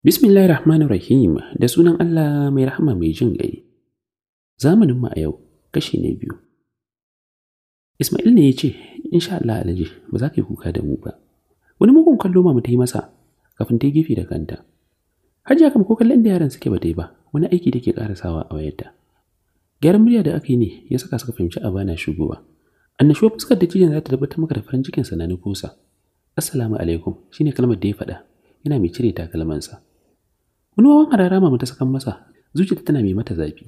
Bismillahir Rahmanir Rahim da sunan Allah mai rahama mai jin ƙai. Zamanin mu a yau kashi na biyu. Ismail ne ya ce, "Insha Allah Alhaji, ba za ka yi kuka da mu ba." Wani mugun kallo ma ta yi masa kafin ta yi gefe da kanta. Hajiya kam ko kallon da yaran suke ba ta yi ba, wani aiki da ke karasawa a wayarta. Gyaran murya da aka yi ne ya saka suka fahimci abana shugowa. shigowa. annashuwa fuskar da za ta tabbatar maka da farin cikin sa na nufusa assalamu alaikum shine kalmar da ya faɗa yana mai cire takalmansa wani wawan hararama mata sakan masa zuciyarta tana mai mata zafi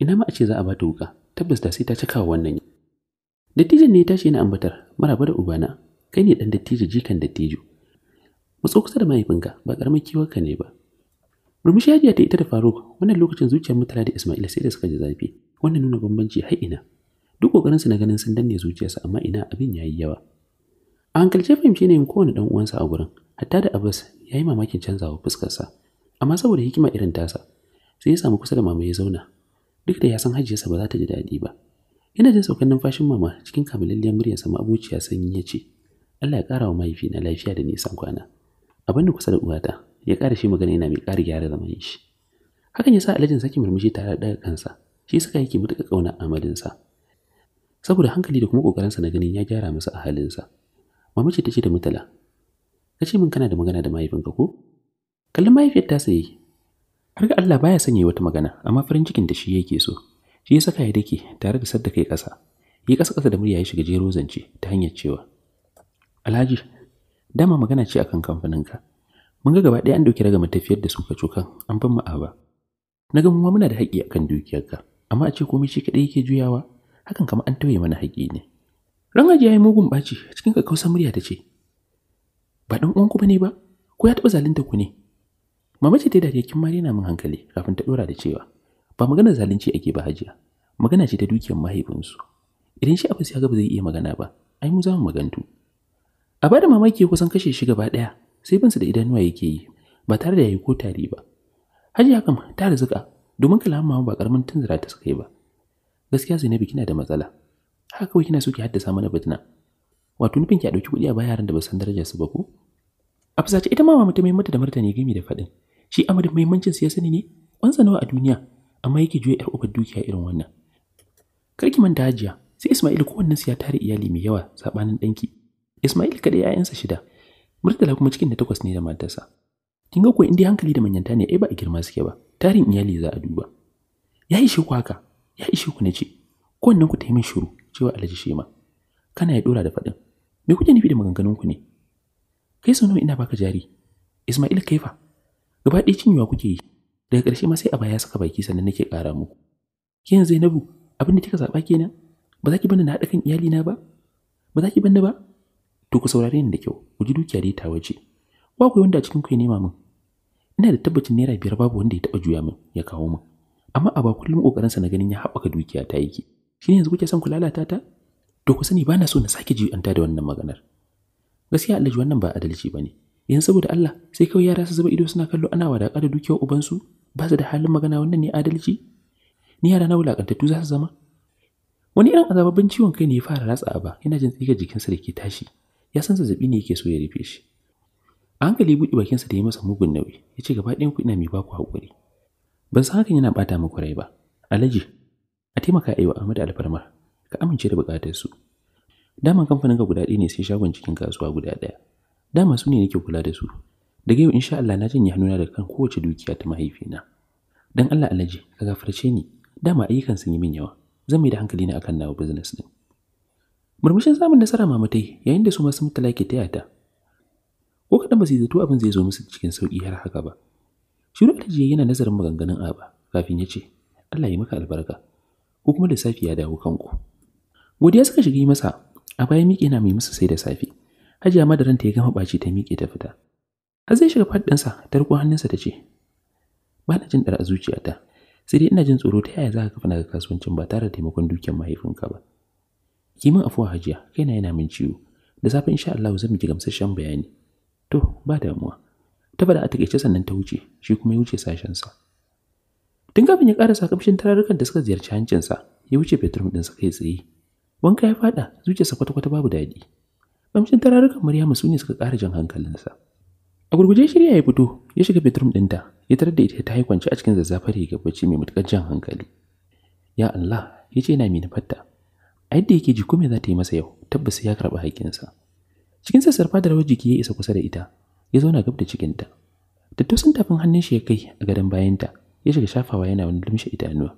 ina ma a ce za a bata wuka tabbas da sai ta cika wannan dattijan ne ya tashi yana ambatar maraba da ubana kai ne dan dattijo jikan dattijo matso kusa da mahaifinka ba karamar ka ne ba murmushi ya ta ita da faruk wannan lokacin zuciyar mutala da isma'ila sai da suka ji zafi wannan nuna bambanci har ina duk su na ganin sun danne zuciyarsa amma ina abin ya yi yawa a ce fahimci ne kowane dan uwansa a gurin hatta da abbas ya yi mamakin canzawa fuskarsa amma saboda hikima irin tasa sai ya samu kusa da mama ya zauna duk da ya san hajiyarsa ba za ta ji daɗi ba yana jin saukan numfashin mama cikin kamilalliyar muryarsa ma'abuciya sanyi ya ce Allah ya ƙara wa mahaifi na lafiya da nisan kwana abin da kusa da uwata ya ƙara shi magana yana mai ƙara gyara zaman shi hakan ya sa alajin saki murmushi tare da kansa shi suka yake matuƙa ƙauna amadinsa saboda hankali da kuma kokarinsa na ganin ya gyara masa a halinsa Mamaci ta ce da mutala ka ce min kana da magana da mahaifinka ko kallon mahaifiyar ta sayi har ga Allah baya sanya wata magana amma farin cikin da shi yake so shi ya saka ya dake tare da sadda kai ƙasa yi ƙasa ƙasa da murya ya shiga jero zance ta hanyar cewa alhaji dama magana ce akan kamfaninka mun ga gaba ɗaya an ɗauki daga matafiyar da suka cokan an ban ma'aba na ga mu muna da haƙƙi akan dukiyarka amma a ce komai shi kaɗai yake juyawa hakan kama an tauye mana haƙi ne ran hajiya ya mugun ɓaci cikin kakkausar murya ta ce ba ɗan uwanku ba ne ba ko ya taɓa zalunta ku ne mama ce ta dariya kin ma mun hankali kafin ta ɗora da cewa ba magana zalunci ake ba hajiya magana ce ta dukiyar mahaifinsu idan shi abu ya ga ba zai iya magana ba ai mu za mu magantu a bada mamaki kusan kashe shi gaba ɗaya sai su da idanuwa yake yi ba tare da yayi ko tari ba hajiya kam ta rizika domin kalaman ba karamin tunzura ta suka yi ba gaskiya Zainabi kina da matsala haka kawai kina so ki haddasa mana fitina wato nufin ki a dauki kuɗi a bayaran da ba san darajar su ba ko Afsa ce ita ma mama ta mai mata da martani gami da faɗin shi Amadu muhimmancin su ya sani ne kwansa nawa a duniya amma yake juya yar ubar dukiya irin wannan karki manta hajiya sai Ismail ko wannan ya tare iyali mai yawa sabanin danki Ismail kada yayansa shida Murtala kuma cikin da takwas ne da matarsa kin ga ko indai hankali da manyanta ne ai ba a girma suke ba tarin iyali za a duba yayi shi kwaka. ya ishe ku na ce Ko wannan ku ta yi min shiru cewa alhaji shema kana ya dora da faɗin me kuke nufi da maganganun ku ne kai sau ina baka jari ismail kaifa gaba ɗaya cinyewa kuke yi daga ƙarshe ma sai a baya saka baki sannan nake ƙara muku ke zainabu abin da kika zaɓa kenan ba za ki bani na haɗa kan iyalina ba ba za ki bani ba to ku saurare ni da kyau ku ji dukiya dai ta ce ba ku wanda a cikin ku ya nema min ina da tabbacin naira biyar babu wanda ya taɓa juya min ya kawo min amma a ba kullum ƙoƙarinsa na ganin ya haɓaka dukiya ta yake shi yanzu kuke son ku lalata ta to ku sani ba so na sake jiyanta da wannan maganar gaskiya alhaji wannan ba adalci ba ne yanzu saboda Allah sai kawai yara su zuba ido suna kallo ana wadaƙa da dukiyar su, ba su da halin magana wannan ne adalci ni yara na wulaƙantattu za su zama wani irin azababin ciwon kai ne ya fara ratsa ba yana jin tsigar jikinsa da ke tashi ya san zazzabi ne yake so ya rufe shi a hankali buɗe bakinsa da ya masa mugun nauyi ya ce gaba ɗayan ku ina mai baku haƙuri ban san hakan yana bata muku rai ba alaji a taimaka a yi wa ahmad alfarmar ka amince da bukatar su Dama kamfanin ka guda ɗaya ne sai shagon cikin kasuwa guda ɗaya dama su ne nake kula da su daga yau insha Allah na janye hannuna daga kan kowace dukiya ta mahaifina dan Allah alaji ka gafarce ni dama ayyukan sun yi min yawa zan mai da hankali na akan nawa business din murmushin samun nasara mamatai yayin da su ma sun talake ta yata ko kaɗan ba su zato abin zai zo musu cikin sauƙi har haka ba Shiru da yana nazarin maganganun Aba kafin ya ce, Allah ya maka albarka, ko kuma lissafi ya dawo kanku. Godiya suka shiga yi masa, a bayan miƙe na mai masa sai da safe. Hajiya ma da ranta ya gama ɓaci ta miƙe ta fita. A zai shiga faɗinsa ta riko hannunsa ta ce, Ba na jin ɗar a zuciyata, sai dai ina jin tsoro ta yaya za ka kafa naga kasuwancin ba tare da taimakon dukiyar mahaifinka ba. Ki min afuwa hajiya, kaina yana min ciwo, da safe insha Allah zan miki gamsasshen bayani. To, ba damuwa. ta faɗa a takaice sannan ta wuce shi kuma ya wuce sashensa tun kafin ya ƙarasa kamshin tararrukan da suka ziyarci hancinsa ya wuce bedroom ɗinsa kai tsaye wanka ya faɗa zuciyarsa kwata-kwata babu daɗi kamshin tararrukan maryamu su ne suka ƙara jan hankalinsa a gurguje shirya ya fito ya shiga bedroom ɗinta ya tarar da ita ta haikwance a cikin zazzafar rigar bacci mai matuƙar jan hankali ya Allah ya ce yana mai nufarta a yadda yake ji kome za ta yi masa yau tabbas ya karɓi haƙƙinsa cikin sassarfa da rawar jiki ya isa kusa da ita ya zauna gab da cikinta tattausan tafin hannun shi ya kai a gadon bayanta ya shiga shafawa yana wani lumshe idanuwa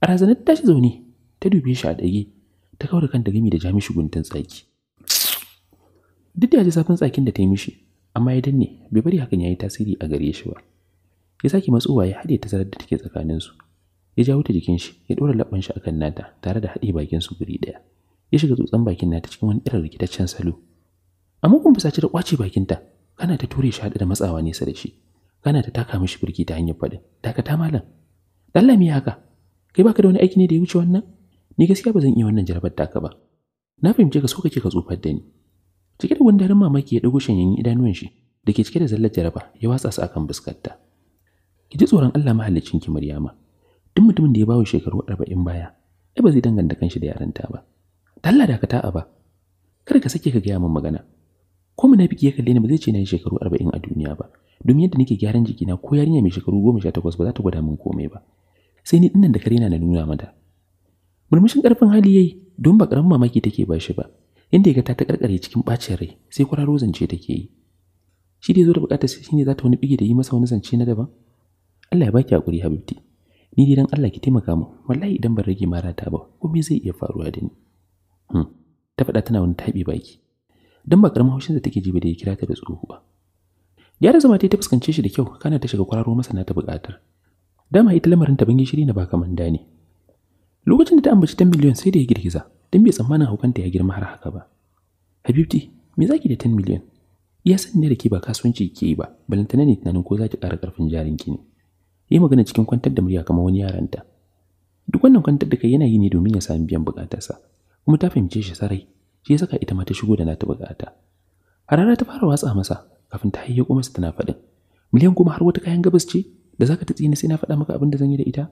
a razana ta tashi zaune ta dube shi a ɗage ta kawar da kanta gami da jami shi guntun tsaki duk da ya ji zafin tsakin da ta yi mishi amma ya danne bai bari hakan ya yi tasiri a gare shi ba ya sake matsowa ya haɗe tazarar da take tsakaninsu ya jawo ta jikin shi ya ɗora labban shi akan nata tare da haɗe bakin su guri ɗaya ya shiga tsotsan bakin nata cikin wani irin rikitaccen salo amma kun fusace da ƙwace bakinta kana ta ture shi haɗu da matsawa nesa da shi kana ta taka mishi birki ta hanyar faɗin dakata malam dan lami haka kai baka da wani aiki ne da ya wuce wannan ni gaskiya ba zan iya wannan jarabar taka ba na fahimci ka so kake ka tsufar da ni cike da gundarin mamaki ya ɗago shanyen idanuwan shi da ke cike da zallar jaraba ya watsa su akan buskarta ki ji tsoron Allah mahallicin ki Maryama duk mutumin da ya bawo shekaru 40 baya ai ba zai danganta kanshi da yaranta ba dalla dakata a ba kada ka sake ka gaya min magana ko munafiki ya kalle ni ba zai ce na shekaru 40 a duniya ba domin yadda nake gyaran jikina ko yarinya mai shekaru 18 ba za ta gwada min komai ba sai ni dinnan da kare na nuna mata murmushin karfin hali yayi don ba karamin mamaki take ba shi ba inda ya ga ta ta karkare cikin bacin rai sai kwararo zance take yi shi dai zo da bukatar sai shine za ta wani bige da yi masa wani zance na daban Allah ya baki hakuri habibti ni dai dan Allah ki taimaka mu wallahi idan ban rage marata ta ba komai zai iya faruwa da ni hmm ta faɗa tana wani taɓi baki don ba karamin haushin da take jibi da ya kira ta da Ya da zama ta fuskance shi da kyau kana ta shiga kwararo masa na ta buƙatar. Dama ita lamarin ta bangi shiri na ba kaman ne. Lokacin da ta ambaci 10 miliyon sai da ya girgiza don bai tsammanin haukanta ya girma har haka ba. Habibti, me za zaki da 10 miliyon? Iya sani ne da ke ba kasuwanci ke yi ba, balantana ne tunanin ko za ki ƙara ƙarfin jarinki ne. Yi magana cikin kwantar da murya kamar wani yaranta. Duk wannan kwantar da kai yana yi ne domin ya sami biyan buƙatarsa, kuma ta fahimce shi sarai shi ya saka ita ma ta shigo da nata bukata harara ta fara watsa masa kafin ta hayyo kuma tana faɗin miliyan kuma har wata kayan gabas ce da zaka ta tsini sai na faɗa maka abin da zan yi da ita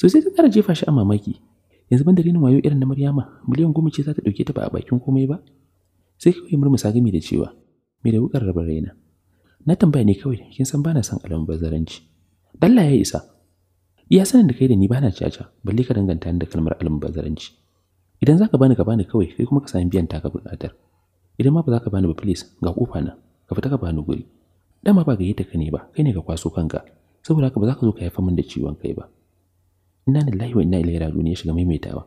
so sai ta tsara jefa shi a mamaki yanzu ban da wayo irin na Maryama miliyan goma ce za ta ɗauke ta ba a bakin komai ba sai kawai murmusa gami da cewa me da wukar rabar raina na tambaya ne kawai kin san bana son alamu bazaranci dalla ya isa iya sanin da kai da ni bana caca balle ka danganta da kalmar alamu bazaranci idan zaka bani ka bani kawai kai kuma ka sami biyan taka buƙatar idan ma ba za ka bani ba please ga kofa na ka fita ka bani guri dama ba gayyata ka ne ba kai ne ka kwaso kanka saboda haka ba za ka zo ka haifa min da ciwon kai ba inna lillahi wa inna ilaihi raji'un ya shiga maimaitawa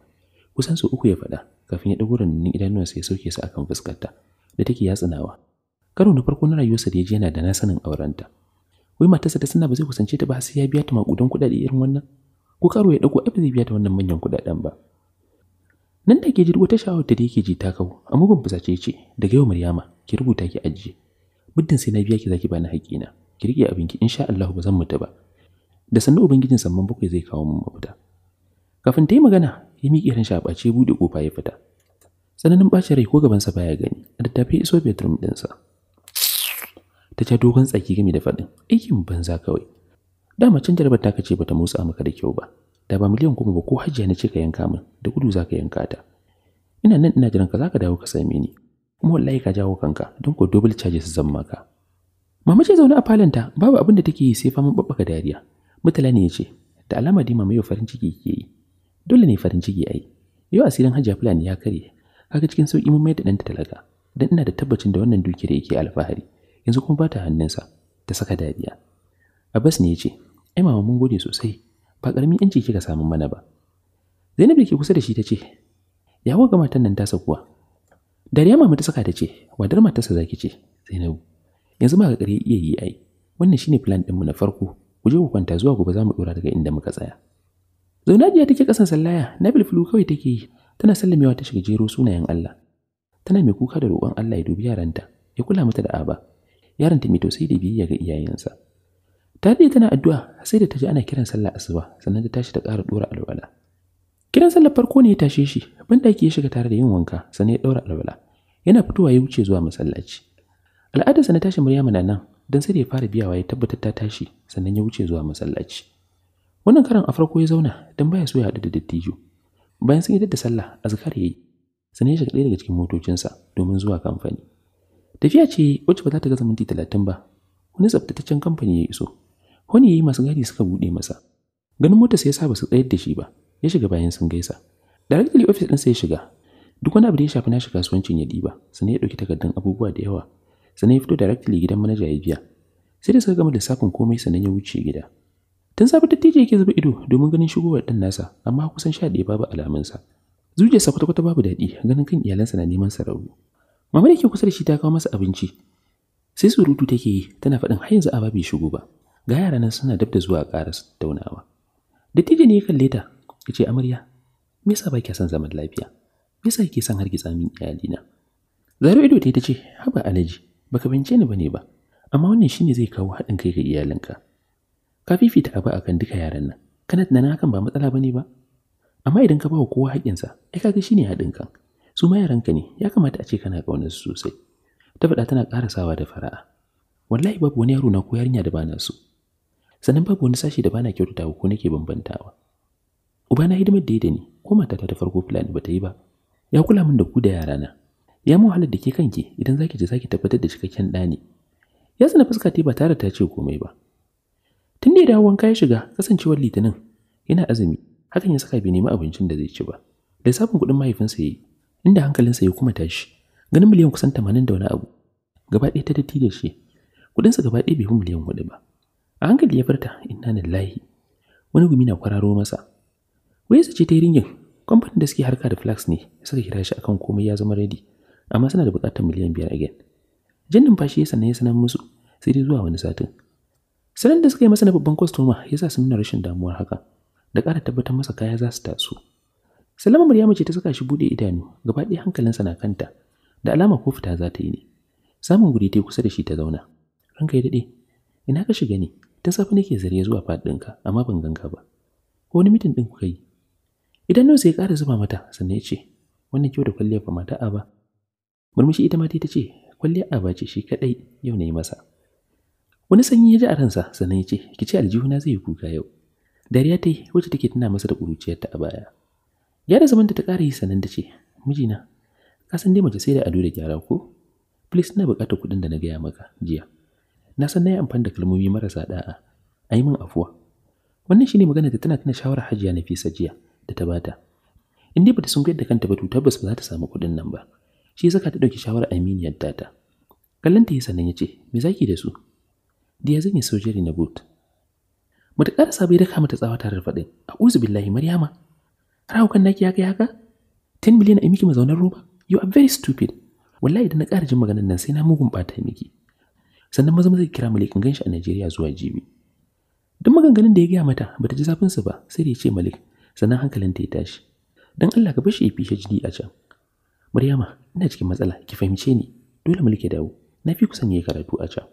kusan su uku ya faɗa kafin ya ɗago rannanin idanuwansa ya sauke su akan fuskarta da take yatsunawa. karo na farko na rayuwarsa da ya ji yana da na sanin aurenta wai matarsa ta sana ba zai kusance ta ba sai ya biya ta makudan kuɗaɗe irin wannan ko karo ya ɗago ai ba zai biya ta wannan manyan kuɗaɗen ba nan da ke ji wata sha'awar da yake ji ta kawo a mugun fusace ce daga yau Maryama ki rubuta ki ajiye muddin sai na biya ki zaki bani haƙina ki rike abinki insha Allah ba zan mutu ba da sannu ubangijin sanman bakwai zai kawo mun mafita kafin ta yi magana ya miƙe ran ce buɗe kofa ya fita tsananin ɓacin rai ko gabansa baya gani a tafi iso bedroom ɗinsa ta ja dogon tsaki game da faɗin aikin banza kawai dama can jarabar ta kace bata motsa maka da kyau ba da ba miliyan goma ba ko hajiya na ce ka yanka min da gudu za ka yanka ta ina nan ina jiran ka za ka dawo ka same ni kuma wallahi ka jawo kanka don ko double charges zan maka mama ce zaune a ta babu abin da take yi sai faman babbaka dariya mutala ne ya ce da alama dima mai farin ciki yake yi dole ne farin ciki ai yau asirin hajiya fulani ya karye kaga cikin sauki mun mai da ta talaka dan ina da tabbacin da wannan dukiyar yake alfahari yanzu kuma ba ta hannunsa ta saka dariya abbas ne ya ce ai mama mun gode sosai ba ƙaramin yanci kika samu mana ba Zainab da ke kusa da shi ta ce ya ga matan nan tasa kuwa Dariya mama ta saka ta ce wadar matarsa zaki ce Zainabu yanzu ma ga ƙare iya yi ai wannan shine plan ɗinmu na farko ku je ku kwanta zuwa gobe za mu ɗora daga inda muka tsaya Zaunajiya take kasan sallaya na fulu kawai take yi tana sallamewa ta shiga jero sunayen Allah tana mai kuka da roƙon Allah ya dubi yaranta ya kula mata da aba yaranta mai tausayi da biyayya ga iyayensa ta daɗe tana addu'a sai da ta ji ana kiran sallah asuba sannan ta tashi ta ƙara ɗora alwala kiran sallar farko ne ya tashe shi banɗaki ya shiga tare da yin wanka sannan ya ɗaura alwala yana fitowa ya wuce zuwa masallaci al'adarsa na tashi Maryama na nan don sai da ya fara biyawa ya tabbatar ta tashi sannan ya wuce zuwa masallaci wannan karan a farko ya zauna dan baya so ya haɗu da dattijo bayan sun yi da sallah azkar ya yi sannan ya shiga ɗaya daga cikin motocinsa domin zuwa kamfani tafiya ce wacce ba za ta gaza minti talatin ba wani tsaftataccen kamfani ya iso Honi ya yi masu gadi suka buɗe masa. Ganin mota sai ya sa ba su tsayar da shi ba, ya shiga bayan sun gaisa. Directly office ɗinsa ya shiga. Duk wani abu da ya shafi nashi kasuwancin ya diba sannan ya ɗauki takardun abubuwa da yawa. Sannan ya fito directly gidan manaja ya biya. Sai da suka gama lissafin komai sannan ya wuce gida. Tun safe dattijo yake zuba ido domin ganin shigowar ɗan nasa, amma kusan sha ɗaya babu alamunsa. sa kwata-kwata babu daɗi ganin kan iyalansa na neman sa rabu. Mama da ke kusa da shi ta kawo masa abinci. Sai surutu take yi tana faɗin har yanzu a babu shigo ba. ga yara nan suna dab da zuwa ƙara tattaunawa dattijo ne ya kalle ta ya ce amarya me yasa ba kya son zaman lafiya me yasa kike son hargitsa min iyalina zaro ido ta ce haba alaji baka bince ni bane ba amma wannan shine zai kawo haɗin kai ga iyalinka ka fifita abu akan duka yaran nan kana tunanin hakan ba matsala bane ba amma idan ka ba kowa haƙƙinsa ai kaga shine haɗin kan su ma ka ne ya kamata a ce kana ƙaunar su sosai ta faɗa tana sawa da fara'a wallahi babu wani yaro na ko yarinya da bana so sannan babu wani sashi da bana kyautatawa ko nake bambantawa uba na hidimar da da ni ko mata ta farko fulani bata yi ba ya kula min da ku da yara na ya mu halar da ke kanki idan zaki je zaki tabbatar da cikakken dani ya tsina fuska ta ba tare ta ce komai ba tun da ya dawo shiga kasancewar litinin yana azumi hakan ya saka bai nemi abincin da zai ci ba Da sabon kuɗin mahaifinsa ya yi inda hankalinsa ya kuma tashi ganin miliyan kusan tamanin da wani abu gaba ɗaya ta datti shi sa gaba ɗaya bai fi miliyan hudu ba a hankali ya furta inna lillahi wani gumi na kwararo masa wayarsa ce ta yi ringin kamfanin da suke harka da flax ne suka kira shi akan komai ya zama ready amma suna da bukatar miliyan biyar again jin numfashi ya sannan ya sanar musu sai dai zuwa wani satin sanar da suka yi masa na babban kwastoma ya sa su nuna rashin damuwar haka da ƙara tabbatar masa kaya za su taso salama maryamu ce ta saka shi buɗe idanu gaba ɗaya hankalinsa na kanta da alama ko fita za ta yi ne samun guri ta kusa da shi ta zauna ranka ya daɗe ina ka shiga ne ta safe nake zare zuwa faɗinka amma ban ganka ba ko wani mitin ɗin kuka yi idan nan sai kara zuba mata sannan ya ce wannan kyau da kwalliyar ba mata a ba murmushi ita ma ta ce kwalliya a ba ce shi kaɗai yau na yi masa wani sanyi ya ji a ransa sannan ya ce ki ce na zai yi kuka yau dariya ta yi wacce take tana masa da ƙuruciyarta a baya gyara zamanta ta ƙara yi sannan da ce mijina ka san dai mace sai da ado da gyara ko please ina buƙatar kuɗin da na gaya maka jiya na san na yi amfani da kalmomi marasa da'a a yi min afuwa wannan shine magana da tana tana shawarar hajiya na fisa jiya da ta bata in dai bata sun da kanta ba to tabbas ba za ta samu kuɗin nan ba shi ya saka ta ɗauki shawarar aminiyar tata kallon ta yi sannan ya ce me zaki da su da ya zan yi sojeri na boot mata ƙarasa bai daka mata tsawa tare da faɗin a uzu billahi maryama har haukan naki haka haka Ten miliyan a miki mazaunar roba you are very stupid wallahi idan na ƙara jin maganar nan sai na mugun bata miki sannan maza zai kira Malik in ganshi a Najeriya zuwa Jibi duk maganganun da ya gaya mata bata ji zafin su ba sai da ya ce Malik sannan hankalinta ya tashi dan Allah ka bashi ya fi jini a can Maryama ina cikin matsala ki fahimce ni dole Malik ya dawo na fi kusan yayi karatu a can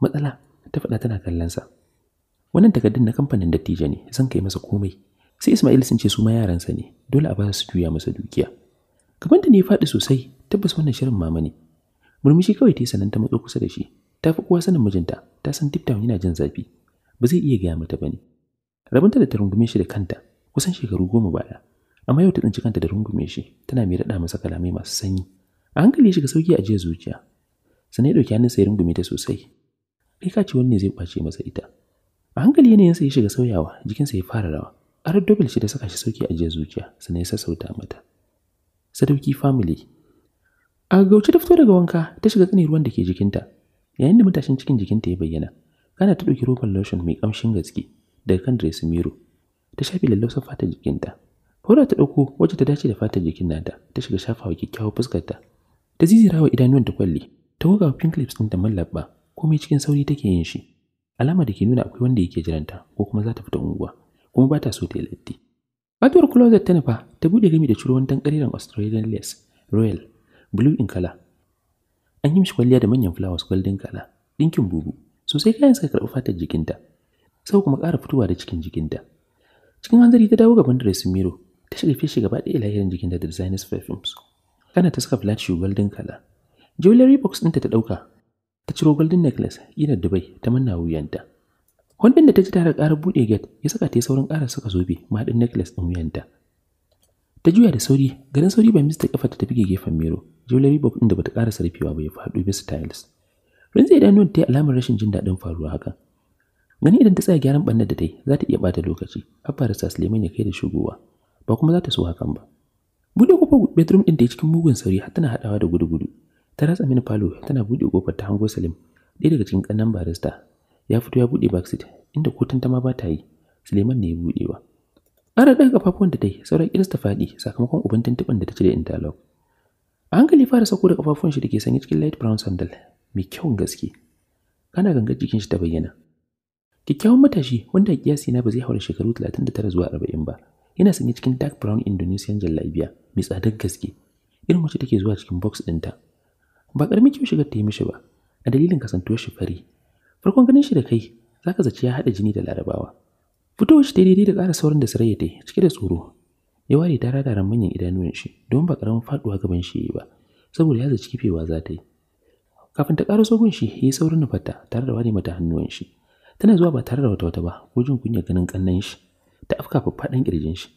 matsala ta faɗa tana kallon sa wannan takardun na kamfanin dattija ne zan kai masa komai sai Ismail sun ce su ma sa ne dole a ba su juya masa dukiya kamar da ne faɗi sosai tabbas wannan shirin mama ne murmushi kawai ta yi sanan ta matso kusa da shi ta fi kowa sanin mijinta ta san deep down yana jin zafi ba zai iya gaya mata ba ne. rabinta da ta rungume shi da kanta kusan shekaru goma baya amma yau ta tsinci kanta da rungume shi tana mai raɗa masa kalamai masu sanyi a hankali ya shiga sauki a jiya zuciya sanai ya ɗauki hannunsa ya rungume ta sosai kai ka ce wani ne zai kwace masa ita a hankali yanayinsa ya shiga sauyawa jikinsa ya fara rawa arar dobel shi ta saka shi sauki a jiya zuciya sanai ya sassauta mata sadauki family a gauce ta fito daga wanka ta shiga tsanin ruwan da ke jikinta yayin da matashin cikin jikinta ya bayyana kana ta ɗauki roban lotion mai kamshin gaske daga kan dressing mirror ta shafi lallausar fata jikinta Hora ta ɗauko wacce ta dace da fatar jikin nata ta shiga shafawa kyakkyawar fuskar ta ta zizira wa idanuwan ta kwalli ta goga pink lips ɗin ta mallaba komai cikin sauri take yin shi alama da ke nuna akwai wanda yake jiranta ko kuma za ta fita unguwa kuma ba ta so ta yi latti Fatuwar closet ta nufa ta buɗe gami da ciro wani dan ƙariran Australian lace, Royal, blue in color, an yi mishi kwalliya da manyan flowers kwaldin kala ɗinkin bubu sosai kayan suka karɓi fatar jikinta sau kuma ƙara fitowa da cikin jikinta cikin hanzari ta dawo gaban dressing mirror ta shiga fishi gaba ɗaya lahirin jikinta da designers perfumes kana ta saka flat shoe golden kala jewelry box ɗinta ta ɗauka ta ciro golden necklace ina dubai ta manna wuyanta Wannan da ta ji tare ƙara buɗe gate ya saka ta yi saurin ƙara saka zobe ma haɗin necklace ɗin wuyanta ta juya da sauri ganin sauri ba mista kafa ta tafi gefen mero jewelry box din da bata ƙara sarfewa ba ya faɗo bisa tiles idan nun ta yi alamar rashin jin daɗin faruwa hakan gani idan ta tsaya gyaran ɓannar da dai yi za ta iya ɓata lokaci abba da suleiman ya kai da shugowa ba kuma za ta so hakan ba buɗe kofar bedroom ɗin da ya cikin mugun sauri har tana haɗawa da gudu-gudu ta ratsa mini falo tana buɗe kofar ta hango salim ɗaya daga cikin ƙannan barista ya fito ya buɗe backseat inda ta ma ba ta yi suleiman ne ya buɗewa ƙarar ɗaga ƙafafuwan da ta yi sauran ƙiris ta faɗi sakamakon uban tuntuɓin da ta cire interlock a hankali fara sauko da ƙafafuwan shi da ke sanye cikin light brown sandal mai kyawun gaske kana gangar jikin shi ta bayyana kyakkyawan matashi wanda kiyasi na ba zai haura shekaru tara zuwa arba'in ba yana sanye cikin dark brown indonesian jallabiya mai tsadar gaske irin wacce take zuwa cikin box ɗinta ba ƙaramin kyau shigar ta yi mishi ba a dalilin kasantuwar shi fari farkon ganin shi da kai zaka zaci ya haɗa jini da larabawa fitowar shi daidai da ƙara saurin da sarai ta yi cike da tsoro ya ware ta radaran manyan idanuwan shi don ba ƙaramin faɗuwa gaban shi ba saboda ya zaci kifewa za ta yi kafin ta ƙara sogun shi ya yi saurin nufarta tare da ware mata hannuwan shi tana zuwa ba tare da wata wata ba ko jin kunya ganin ƙannan shi ta afka faffaɗan ƙirjin shi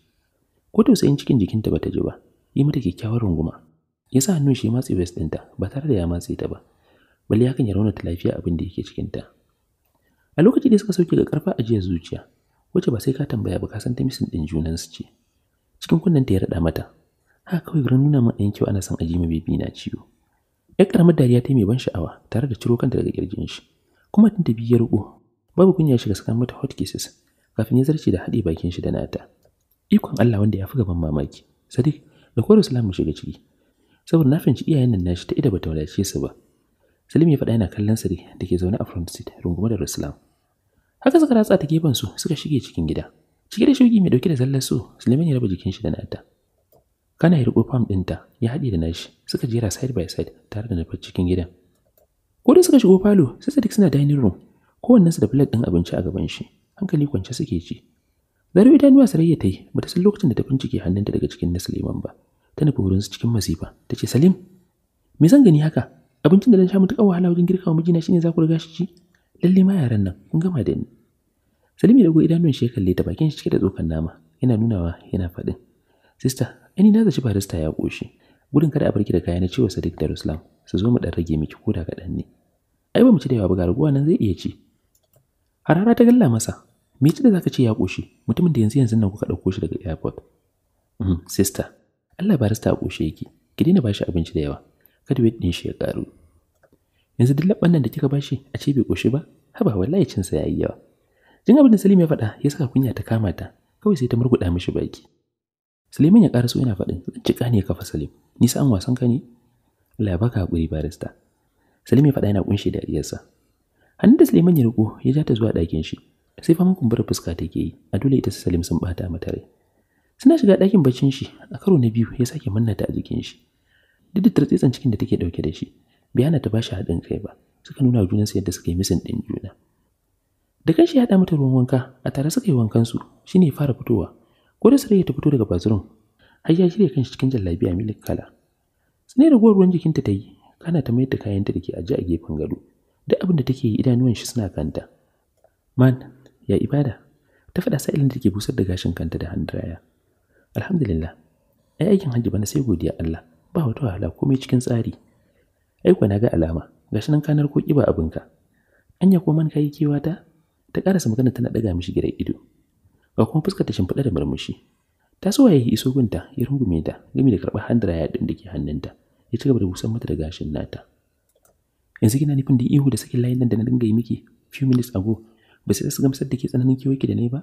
ko tausayin cikin jikinta ba ta je ba yi mata kyakkyawar runguma ya sa hannun shi ya matse vest ɗinta ba tare da ya matse ta ba bale hakan ya raunata lafiya abin da yake cikinta a lokaci da suka sauke ga karfa ajiyar zuciya Wace ba sai ka tambaya ba ka san ta misin din junan su ce cikin kunnen ta ya raɗa mata haka kawai gurin nuna min ɗan kyau ana son aji bibi na ciwo yar karamar dariya ta mai ban sha'awa tare da ciro kanta daga kirjin shi kuma tun da biyar rubo babu kunya shiga sakan mata hot cases kafin ya zarce da haɗe bakin shi da nata ikon Allah wanda ya fi gaban mamaki sadiq da kwaro salam mu shiga ciki saboda na fahimci iyayen nan nashi ta ida bata wadace su ba salim ya faɗa yana kallon sadiq da ke zaune a front seat rungume da ruslam haka suka ratsa ta gefen su suka shige cikin gida cike da shugi mai dauke da zallar so Suleiman ya raba jikin shi da nata kana ya riko fam ɗinta ya haɗe da nashi suka jera side by side tare da nufar cikin gidan ko da suka shigo falo sai sadik suna dining room kowannensu da plate ɗin abinci a gaban shi hankali kwance suke ci Zaro idanuwa sarayya ta yi bata san lokacin da ta bincike hannunta daga cikin na Suleiman ba. Ta nufi wurinsu cikin masifa. Ta ce Salim, me zan gani haka? Abincin da zan sha matuƙar wahala wajen girka wa mijina shine za ku riga shi ci? lalle ma yaran nan kun gama da ni salim ya dago idanun shi ya kalle ta bakin shi cike da tsokar nama yana nunawa yana faɗin sista ani na zaci barista ya koshi gudun kada a barki da kaya na ciwo sadiq da ruslam su zo mu dan rage miki ko da kaɗan ne ai ba mu ci da yawa ba ga nan zai iya ci harara ta galla masa me ci da zaka ce ya koshi mutumin da yanzu yanzu nan kuka ɗauko shi daga airport uhm, sista Allah barista a koshe yake ki daina bashi abinci da yawa kada wait din shi ya karu yanzu duk labban nan da kika bashi a ce bai koshi ba haba wallahi cin sa yayi yawa jin abin da Salim ya faɗa ya saka kunya ta kama ta kawai sai ta murguda mishi baki Suleiman ya ƙara so yana faɗin zan cika ne kafa Salim ni an wasan ka ne Allah ya baka hakuri barista Salim ya faɗa yana kunshi da sa hannun da Suleiman ya riko ya ja ta zuwa ɗakin shi sai faman kumbura fuska take yi a dole ita Salim sun bata mata rai suna shiga ɗakin baccin shi a karo na biyu ya sake manna ta a jikin shi duk da tartsitsan cikin da take ɗauke da shi Biyana ta bashi haɗin kai ba, suka nuna junansu yadda suka yi misin ɗin juna. Da shi ya haɗa mata ruwan wanka, a tare suka yi wankan su, shi ne fara fitowa. Ko da Sarayya ta fito daga bathroom, har ya shirya kanshi cikin jallabiya milik kala. Sune ragowar ruwan jikinta ta yi, kana ta mayar da kayanta da ke ajiye a gefen gado. Duk abin da take yi idanuwan shi suna kanta. Man, ya ibada, ta faɗa sa'ilin da take busar da gashin kanta da raya. Alhamdulillah, ai aikin hajji bana sai godiya Allah, ba wata wahala komai cikin tsari. aiko na ga alama gashi nan kanar ko kiba abinka anya ko man kai kewa ta ta karasa magana tana daga mishi gidan ido ga kuma fuskar ta shimfiɗa da murmushi ta so ya yi iso gunta ya rungume ta gami da karɓar handara ya ɗin dake hannunta ya ci gaba da busan mata da gashin nata yanzu kina nufin da ihu da sakin layin nan da na dinga yi miki few minutes ago ba sai su gamsar da ke tsananin kiwo ki da ne ba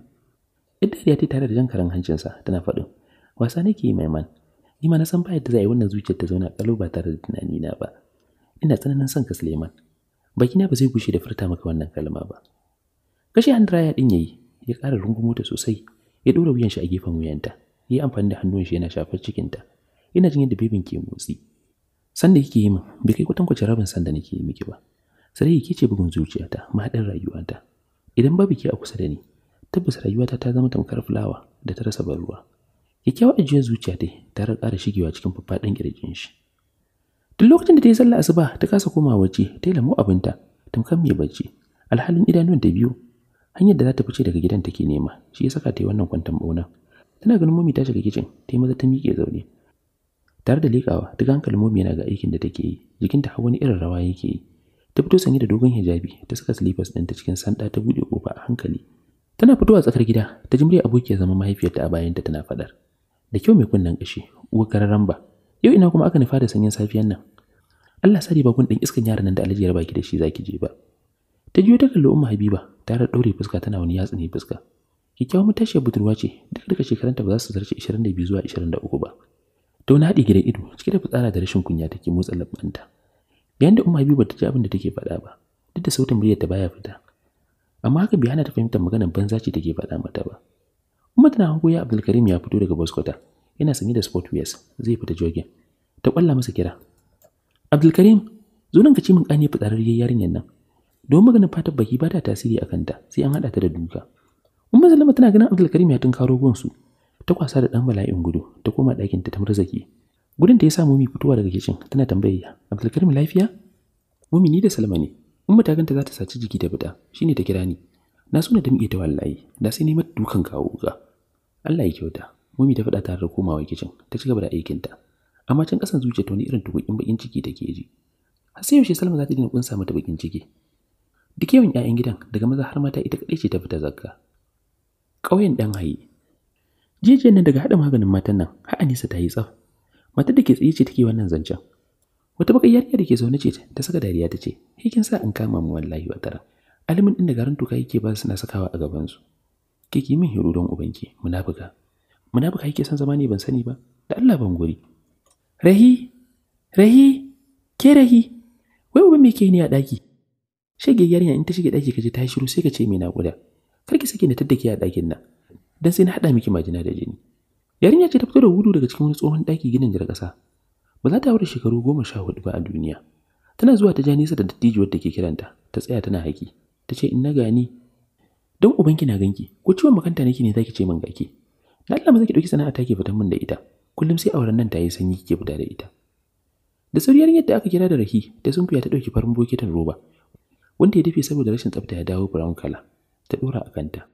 Idda ya ta tare da jan karan hancinsa tana faɗin wasa nake yi mai man ni ma na san ba yadda za a yi wannan zuciyar ta zauna kalo ba tare da tunani na ba ina tsananin son ka Suleiman bakina ba zai gushe da furta maka wannan kalma ba kashi Andrea din yayi ya ƙara rungumo ta sosai ya ɗora wuyan shi a gefen wuyanta ya yi amfani da hannun shi yana shafar cikinta ina jin yadda bebin ke motsi sanda yake yi min bai kai kwace rabin sanda nake yi miki ba sarai ke ce bugun zuciyata mahaɗin rayuwata idan babu ke a kusa da ni tabbas rayuwata ta zama tamkar fulawa da ta rasa ban ruwa kyakkyawar ajiyar zuciya dai ta ƙara shigewa cikin faffaɗin ƙirjin shi duk lokacin da ta yi sallah asuba ta kasa koma waje ta yi lamo abinta kan mai bacci alhalin idanun da biyu hanyar da za ta fice daga gidan ta ke nema shi ya saka ta yi wannan kwantan bauna tana ganin momi ta shiga kicin ta yi maza ta miƙe zaune tare da leƙawa ta ga hankalin momi yana ga aikin da take yi jikinta har wani irin rawa yake yi ta fito sanye da dogon hijabi ta saka slippers ɗinta cikin sanda ta buɗe ƙofa a hankali tana fitowa tsakar gida ta jimre abokiyar zama mahaifiyarta a bayanta tana faɗar da kyau mai kunnen ƙashi uwa kararan yau ina kuma aka nufa da sanyin safiyan nan Allah sari bakun ɗin iskan yaran nan da alajiyar baki da shi zaki je ba ta juyo ta kalli umma habiba tare da ɗore fuska tana wani yatsa ne fuska kyakkyawar matashiyar budurwa ce duk daga ta ba za su zarce 22 zuwa uku ba ta wani haɗe gidan ido cike da fitsara da rashin kunya take motsa labbanta yayin da umma habiba ta ji abin da take faɗa ba duk da sautin ta baya fita amma haka bai hana ta fahimtar maganar banza ce take faɗa mata ba Umar tana hango ya abdulkarim ya fito daga boskota yana sanye da sport wears zai fita jogin ta kwalla masa kira abdulkarim zo nan ka ci min kane fitsararriyar yarinyar nan don maganin fatar baki ba ta tasiri a kanta sai an hada ta da duka umma salama tana ganin abdulkarim ya tunkaro su ta kwasa da ɗan bala'in gudu ta koma ɗakin ta murzaki gudun da ya samu mumi fitowa daga kicin tana tambayayya abdulkarim lafiya mumi ni da salma ne umma ta ganta za ta saci jiki da fita shine ta kira ni na so na damƙe ta wallahi da sai ni mata dukan kawo ga Allah ya kyauta Mummy ta fada tare da komawa kicin, ta ci gaba da ta Amma can ƙasan zuciya ta wani irin tukukin bakin ciki take ji. Har sai yaushe Salma za ta daina kunsa mata bakin ciki. Duk yawan 'ya'yan gidan daga maza har mata ita kaɗai ce ta fita zakka. Ƙauyen ɗan hayi. Jijiyar nan daga haɗa maganin matan nan, ha'a Anisa ta yi tsaf. Matar da ke tsaye ce take wannan zancen. Wata baka yarinya da ke zaune ce ta saka dariya ta ce, "Hikin sa an kama mu wallahi wataran." Alimin ɗin da garin tuka yake ba suna sakawa a gabansu. Kiki min hiro don ubanki, munafuka. muna munafuka yake san zama ne ban sani ba da Allah ban guri rahi rahi ke rahi wai uban me ke ni a daki shege yarinya in ta shige daki kaje ta shiru sai ka ce me na guda karki sake na taddake a dakin nan dan sai na hada miki majina da jini yarinya ce ta fito da gudu daga cikin wani tsohon daki ginin jar kasa ba za ta haura shekaru goma sha hudu ba a duniya tana zuwa ta ja nesa da dattijuwar da ke kiranta ta tsaya tana haƙi ta ce in na gani don ubanki na ganki ko ciwon makanta nake ne zaki ce min gaki Na Allah ba ki ɗauki sana'a ta fitan min da ita. Kullum sai auren nan ta yi sanyi kike fita da ita. Da sauriyar yadda aka kira da rahi da sunkuya ta dauki farin bokitin roba wanda ya dafe saboda rashin tsafta ya dawo brown kala ta dora a kanta.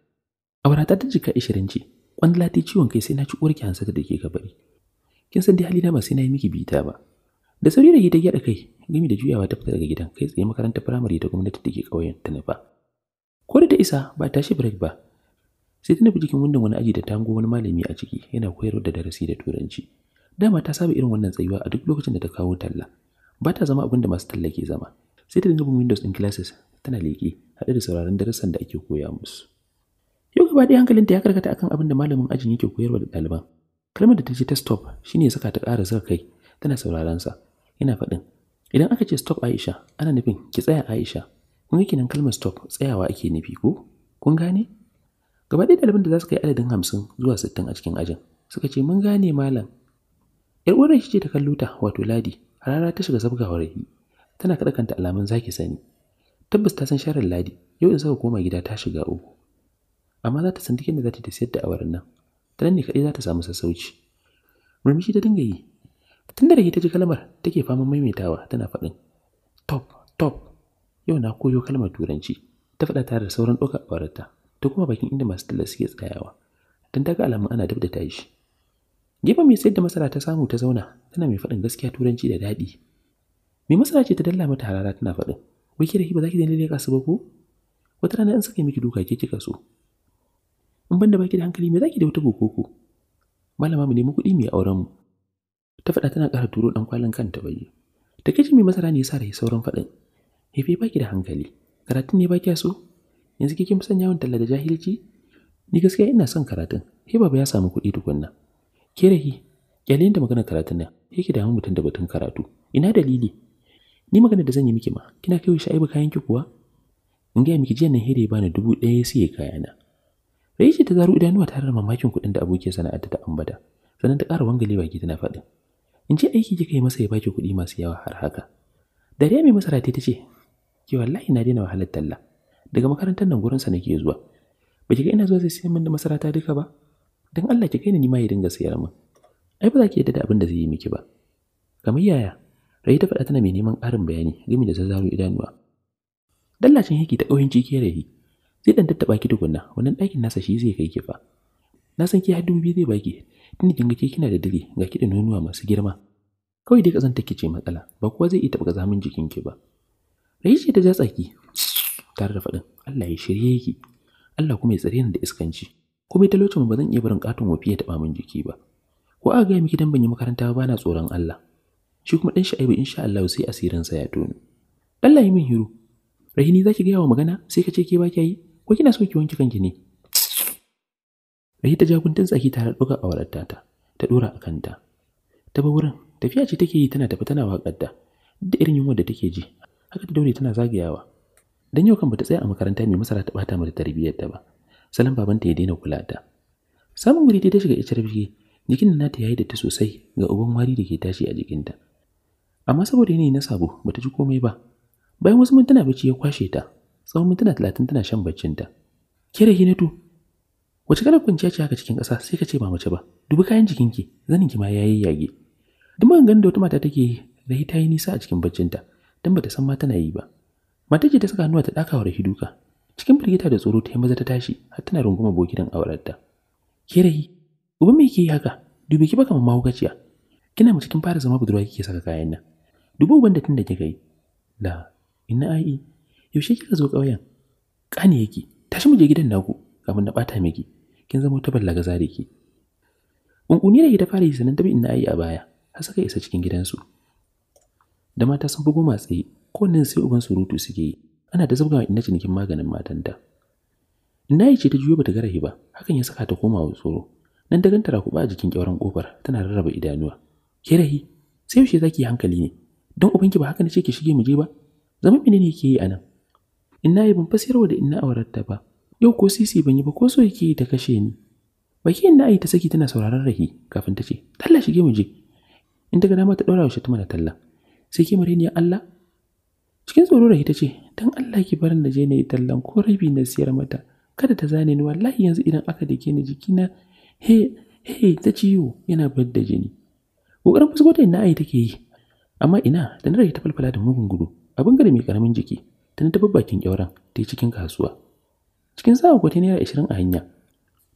aura ta jika 20 ce, kwandala ta ciwon kai sai na ci uwarki hansata da ke kabari. Kin san dai halina ba sai na yi miki bita ba. Da sauri rahi ta kai gami da juyawa ta fita daga gidan kai tsaye makarantar firamare da gwamnati da ke ƙauyen ta nufa. Ko da ta isa ba ta shi break ba sai ta nufi wannan wani aji da ta hango wani malami a ciki yana koyarwa da darasi da turanci dama ta saba irin wannan tsayuwa a duk lokacin da ta kawo talla ba ta zama abin da masu talla ke zama sai ta dinga bin windows ɗin classes tana leƙe haɗe da sauraron darasan da ake koya musu yau gaba ɗaya hankalinta ya karkata akan abin da malamin ajin yake koyarwa da ɗaliban kalmar da ta ce ta stop shine ya saka ta ƙara saka kai tana sauraron sa yana faɗin idan aka ce stop Aisha ana nufin ki tsaya Aisha kun ga kinan kalmar stop tsayawa ake nufi ko kun gane gaba ɗaya ɗaliban da za su kai adadin hamsin zuwa sittin a cikin ajin suka ce mun gane malam yar uwar shi ce ta kalluta wato ladi a rana ta shiga zabgawar rahi tana kaɗa kanta alamun zaki sani tabbas ta san sharar ladi yau in suka koma gida ta shiga uku amma za ta san duk da za ta ta sayar da awarin nan ta nan ne kaɗai za ta samu sassauci murmushi ta dinga yi tun da ta ji kalmar take faman maimaitawa tana faɗin top top yau na koyo kalmar turanci ta faɗa tare da sauran ɗaukar ta. ta kuma bakin inda masu tallar suke tsayawa don daga alamun ana dab da tashi gefen mai sayar da masara ta samu ta zauna tana mai faɗin gaskiya turanci da daɗi mai masara ce ta dalla mata harara tana faɗin wai ke da ba za ki daina leƙa ba ko wata rana in suka yi miki duka ke kika so in banda baki da hankali me za ki da wata ko? malama mu nemi kuɗi mai auren mu ta faɗa tana ƙara turo ɗan kwalin kanta bai ta kace mai masara ne ya sa da sauran faɗin hefe baki da hankali karatun ne baki so yanzu kikin san yawon talla da jahilci ni gaskiya ina son karatun he baba ya samu kuɗi tukunna ke rahi kyalin da magana karatun nan yake damu mutum da batun karatu ina dalili ni magana da zan yi miki ma kina kai sha'ibu kayan ki kuwa in ga miki jiya nan hede bani dubu ɗaya sai kayana Raisha ta zaro idanuwa tare da mamakin kuɗin da abokin sana'ar ta ambata, sannan ta ƙara wangale baki tana faɗin. In ce aiki kika yi masa ya baki kuɗi masu yawa har haka. Dariya mai masara ta ce, Ki wallahi na daina wahalar talla, daga makarantar nan gurinsa nake zuwa ba ki ga ina zuwa sai sai min da masara duka ba dan Allah ki kai ni ma ya dinga sayar min ai ba za ki yadda da abin da zai yi miki ba kamar yaya rai ta faɗa tana mai neman ƙarin bayani game da zazzaro idanuwa dallacin hiki ta ƙauyen ciki rahi zai dan tattaɓa ki tukunna wannan ɗakin nasa shi zai kai ki fa na san ki har dubu biyu zai baki tun da ga ke kina da dare ga ki da nonuwa masu girma kawai dai zanta ki ce matsala ba kowa zai iya taɓa zamin jikin ki ba rai ce ta ja tsaki tare da faɗin Allah ya shirye ki Allah kuma ya tsare ni da iskanci kuma ita lokacin ba zan iya barin katon wafi ya taɓa min jiki ba ko a gaya miki dan ban yi makaranta ba na tsoron Allah shi kuma dan sha'ibu insha Allah sai asirin sa ya tono Allah ya min hiru Rahini zaki ga yawa magana sai ka ce ke ba yi ko kina so ki wanke kanki ne rahita ta kuntin tsaki tare da ɗaukar awararta tata ta dora a kanta ta ba wurin tafiya ce take yi tana tafi tana waƙar da duk irin yunwa da take ji haka ta daure tana zagayawa Dan yau kan bata tsaya a makaranta mai masara ta bata mata tarbiyyar ta ba. Salon babanta ya daina kula ta. Samun wuri ta shiga icar biki, jikin ta yayi da ta sosai ga uban wari da ke tashi a jikinta. Amma saboda yanayi na sabo bata ji komai ba. Bayan wasu mintuna bacci ya kwashe ta, tsawon mintuna talatin tana shan baccin ta Kira Hinatu, wace kana kwanciya ce haka cikin ƙasa sai ka ce ba mace ba, dubi kayan Zanin zaninki ma yayi yage. Duk maganganun da wata mata take yi, ta yi nisa a cikin baccinta, don bata san ma tana yi ba. Mata ce ta saka hannuwa ta daka wa duka. Cikin firgita da tsoro ta yi maza ta tashi har tana runguma bokitin auratta. Ke rahi, Uba me ke yi haka? Dube ki baka mamma kaciya. Kina mace cikin fara zama budurwa kike saka kayan nan. Dubo uban da tun da kika yi. La, ina ai. Yaushe kika zo ƙauyen? Kani yake. Tashi mu je gidan naku kafin na bata miki. Kin zama ta ballaga zare ki. Unkuni da ta fara yi sanan tabi ina ai a baya. Har saka isa cikin gidansu. Da mata sun bugo matsayi kowannen sai uban surutu suke yi ana ta zabgawa ina cinikin maganin matanta ta yi ce ta juyo bata ga Rahe ba hakan ya saka ta wa tsoro nan ta ganta rakuba a jikin kyauran kofar tana rarraba idanuwa ke rahi sai yaushe zaki yi hankali ne don ubanki ba haka na ce ki shige mu je ba zaman ne ke yi anan inna yi ban fasirwa da inna ta ba yau ko sisi ban yi ba ko so yake ta kashe ni baki inna yi ta saki tana sauraron rahi kafin ta ce talla shige mu je in daga dama ta daura wa shatuma da talla sai ke ya Allah cikin tsoro da ita ce don Allah ki bar na je na yi tallan ko rabi na siyar mata kada ta zane ni wallahi yanzu idan aka dake ni jikina he he ta ciwo yana bar da jini kokarin fuskota ina ai take yi amma ina da na ta falfala da mugun gudu abin gari mai karamin jiki ta na tafi bakin kyauran ta yi cikin kasuwa cikin sa'a kwata naira ashirin a hanya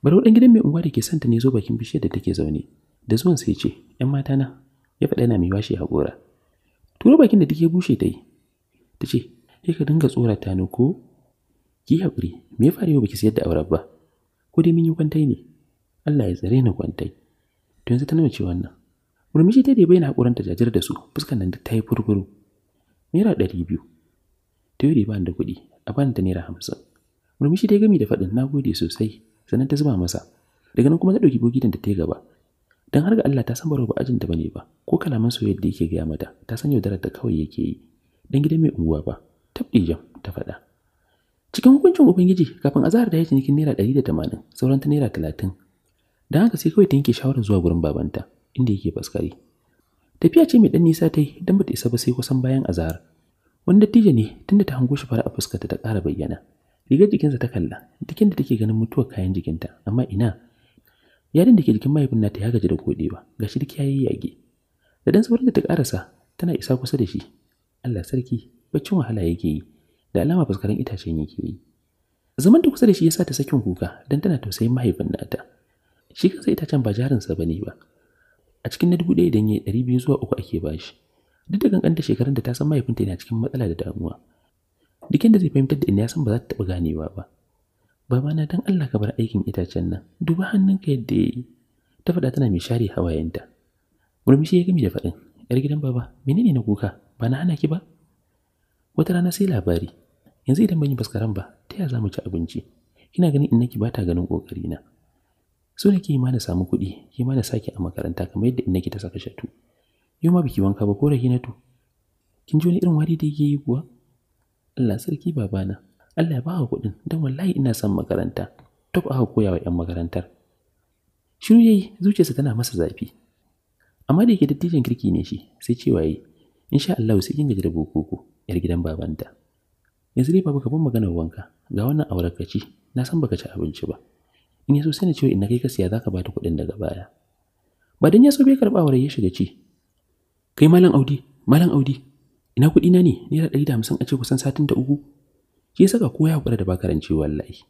bari wadan gidan mai unguwa da ke santa ne zo bakin bishiyar da take zaune da zuwan sai ce yan mata na ya faɗa yana mai washe haƙora Turo bakin da take bushe ta yi ta ce sai ka dinga tsorata ni ko ki haƙuri me ya faru yau baki sayar da aure ba ko dai mun yi kwantai ne Allah ya tsare ni kwantai to yanzu ta nuna cewa wannan murmushi ta dai bayyana haƙurin ta jajar da su fuskan nan duk ta yi furfuru naira ɗari biyu ta yi riba da kuɗi a bani ta naira hamsin murmushi ta gami da faɗin na gode sosai sannan ta zuba masa daga nan kuma ta ɗauki bogidan da ta yi gaba dan har ga Allah ta san baro ba ne bane ba ko kalaman soyayya da yake gaya mata ta san yaudarar da kawai yake yi dan gidan mai unguwa ba tabdi jam ta faɗa cikin hukuncin ubangiji kafin azahar da ya cinikin naira ɗari da tamanin sauran ta naira talatin dan haka sai kawai ta yanke shawarar zuwa gurin babanta inda yake faskari tafiya ce mai ɗan nisa ta yi don bata isa ba sai kusan bayan azhar wani dattijo ne tunda ta hango shi fara a fuskarta ta ƙara bayyana rigar jikinsa ta kalla dukin da take ganin mutuwar kayan jikinta amma ina yarin da ke jikin mahaifin nata ya gaji da kodewa ga shi ya yayi yage da dan sauran ta karasa tana isa kusa da shi Allah sarki baccin wahala yake yi da alama fuskarin itacen yake yi zaman da kusa da shi ya sa ta sakin kuka dan tana tausayin mahaifin nata shi kansa itacen ba jarinsa ba ne ba a cikin na dubu ɗaya idan ya ɗari biyu zuwa uku ake bashi duk da kankanta shekarun da ta san mahaifinta yana cikin matsala da damuwa duk da zai fahimtar da ina ya san ba za ta taɓa ganewa ba baba na dan Allah ka bar aikin itacen nan duba hannunka yadda ya yi ta faɗa tana mai share hawayenta murmushi ya gami da faɗin yar gidan baba menene na kuka ba na hana ki ba wata rana sai labari yanzu idan ban yi baskaran ba ta yaya za mu ci abinci ina ganin in ki ba ta ganin kokari na so nake yi ma na samu kuɗi ki ma na sake a makaranta kamar yadda in ki ta saka shatu yau ma biki wanka ba ko rahi na tu? kin ji wani irin wari da yake yi kuwa Allah sarki babana Allah ya ba kuɗin don wallahi ina son makaranta Tafawa aka koya wa 'yan makarantar shiru yayi zuciyarsa tana masa zafi amma da yake dattijan kirki ne shi sai cewa yayi insha Allah sai kin gaji da bokoko yar gidan babanta yanzu dai babu kaban maganar wanka ga wannan auren ka ci na san baka ci abinci ba in yaso sai na ce in kai ka siya zaka bata kuɗin daga baya ba dan yaso bai karba aure ya shiga ci kai malam Audi malam Audi ina kuɗi na ne naira ɗari da hamsin a ce kusan satin da uku shi saka ko ya hakura da baka rance wallahi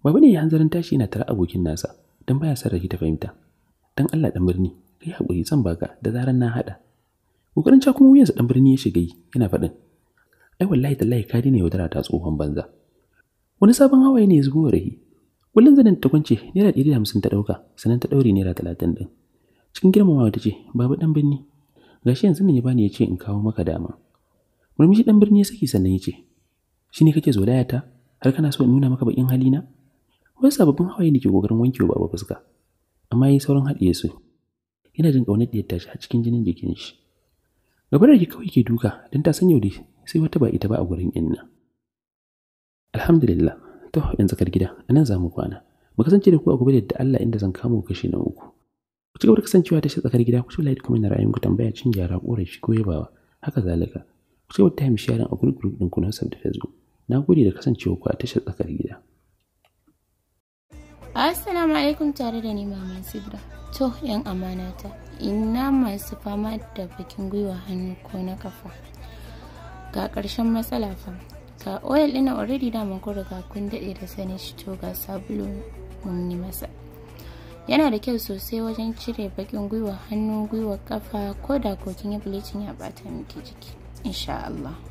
baba ne ya hanzarin tashi yana tara abokin nasa dan baya sarrafi ta fahimta Don Allah dan birni kai hakuri zan baka da zaran na haɗa. kokarin cakuma kuma wuyansa dan birni ya shiga yi yana faɗin ai wallahi tallahi ka daina yaudara ta tsohon banza wani sabon hawaye ne ya zubo rahi kullum zanen ta kwance naira ɗari da hamsin ta ɗauka sannan ta ɗaure naira talatin ɗin cikin girmamawa ta ce babu ɗan birni gashi yanzu nan ya bani ya ce in kawo maka dama murmushi ɗan birni ya saki sannan ya ce shi ne kake zolaya ta har kana so in nuna maka bakin halina wani sababbin hawaye ne ke kokarin wankewa baba fuska amma ya yi sauran haɗiye su yana jin ƙaunar da ya tashi a cikin jinin jikin shi gaba da kawai ke duka don ta san yau da sai wata ba ita ba a gurin inna alhamdulillah to in zakar gida a nan za mu kwana mu kasance da ku a gobe da Allah inda zan kamo kashi na uku ku ci gaba kasancewa ta shi tsakar gida ku ci like kuma na ra'ayin ku tambaya cin gyara korafi ko yabawa haka zalika ku ci gaba da time sharing a group group din ku na da Facebook na gode da kasancewa ku a tashar tsakar gida Assalamu alaikum tare da ni Maman Sidra. To, ‘yan ta ina masu fama da bakin gwiwa hannu ko na kafa ga ƙarshen matsala fa ga oil ɗin already da ko riga kun daɗe da sani shi to ga sabulu mun yi masa yana da kyau sosai wajen cire bakin gwiwa hannu gwiwa kafa ko da kokin yi bleaching ya bata miki jiki insha Allah